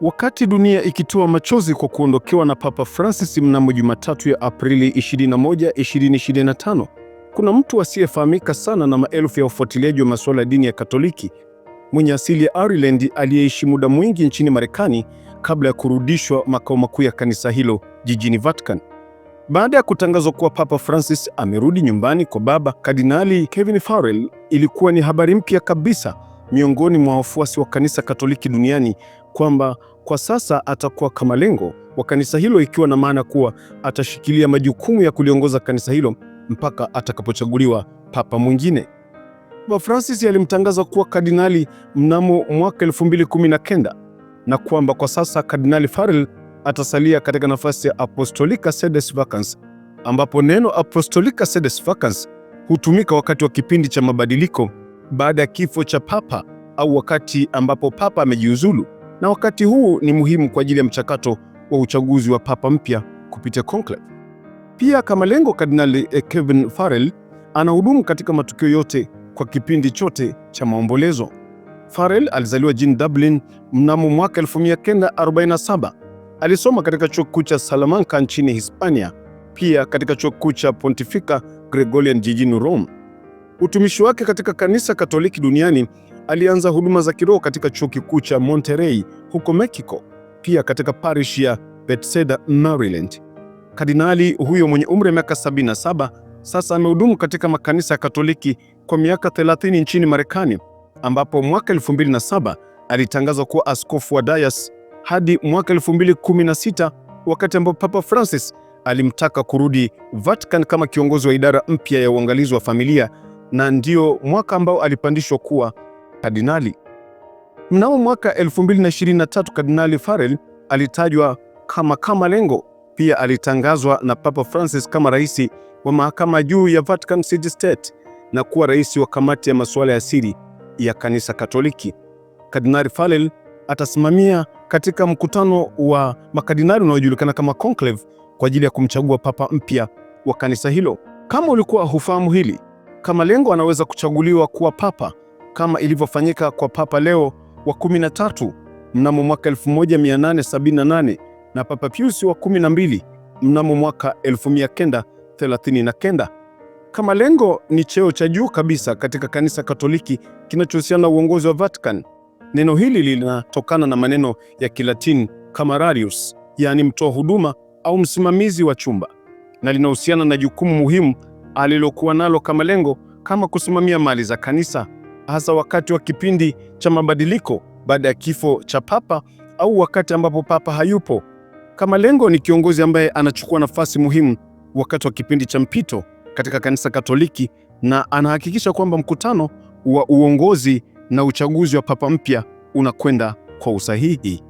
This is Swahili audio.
Wakati dunia ikitoa machozi kwa kuondokewa na Papa Francis mnamo Jumatatu ya Aprili 21, 2025, kuna mtu asiyefahamika sana na maelfu ya wafuatiliaji wa masuala ya dini ya Katoliki mwenye asili ya Ireland aliyeishi muda mwingi nchini Marekani kabla ya kurudishwa makao makuu ya kanisa hilo jijini Vatican. Baada ya kutangazwa kuwa Papa Francis amerudi nyumbani kwa Baba, Kardinali Kevin Farrell ilikuwa ni habari mpya kabisa miongoni mwa wafuasi wa kanisa Katoliki duniani kwamba kwa sasa atakuwa kama lengo wa kanisa hilo, ikiwa na maana kuwa atashikilia majukumu ya kuliongoza kanisa hilo mpaka atakapochaguliwa papa mwingine. Papa Francis alimtangaza kuwa kardinali mnamo mwaka 2019 na kwamba kwa sasa Kardinali Farrell atasalia katika nafasi ya apostolika sedes vacans, ambapo neno apostolika sedes vacans hutumika wakati wa kipindi cha mabadiliko baada ya kifo cha papa au wakati ambapo papa amejiuzulu na wakati huu ni muhimu kwa ajili ya mchakato wa uchaguzi wa papa mpya kupitia conclave. Pia kama lengo, Kardinali eh, Kevin Farrell anahudumu katika matukio yote kwa kipindi chote cha maombolezo. Farrell alizaliwa jijini Dublin mnamo mwaka 1947. Alisoma katika chuo kikuu cha Salamanca nchini Hispania, pia katika chuo kikuu cha Pontifica Gregorian jijini Rome. Utumishi wake katika kanisa Katoliki duniani alianza huduma za kiroho katika chuo kikuu cha Monterey huko Mexico, pia katika parish ya Bethesda, Maryland. Kardinali huyo mwenye umri wa miaka 77 sasa amehudumu katika makanisa ya Katoliki kwa miaka 30 nchini Marekani, ambapo mwaka 2007 alitangazwa kuwa askofu wa Dallas hadi mwaka 2016 wakati ambapo Papa Francis alimtaka kurudi Vatican kama kiongozi wa idara mpya ya uangalizi wa familia, na ndio mwaka ambao alipandishwa kuwa kardinali. Mnamo mwaka 2023 Kardinali Farrell alitajwa kama kama lengo. Pia alitangazwa na Papa Francis kama rais wa mahakama juu ya Vatican City State na kuwa rais wa kamati ya masuala ya siri ya kanisa Katoliki. Kardinali Farrell atasimamia katika mkutano wa makardinali unaojulikana kama conclave kwa ajili ya kumchagua papa mpya wa kanisa hilo. Kama ulikuwa hufahamu hili, kama lengo anaweza kuchaguliwa kuwa papa kama ilivyofanyika kwa Papa Leo wa 13 mnamo mwaka 1878 na Papa Pius wa 12 mnamo mwaka 1939. Kama lengo ni cheo cha juu kabisa katika kanisa Katoliki kinachohusiana na uongozi wa Vatican, neno hili linatokana na maneno ya Kilatini camerarius, yaani mtoa huduma au msimamizi wa chumba, na linahusiana na jukumu muhimu alilokuwa nalo kama lengo, kama kusimamia mali za kanisa hasa wakati wa kipindi cha mabadiliko baada ya kifo cha papa au wakati ambapo papa hayupo. Kama lengo ni kiongozi ambaye anachukua nafasi muhimu wakati wa kipindi cha mpito katika kanisa Katoliki na anahakikisha kwamba mkutano wa uongozi na uchaguzi wa papa mpya unakwenda kwa usahihi.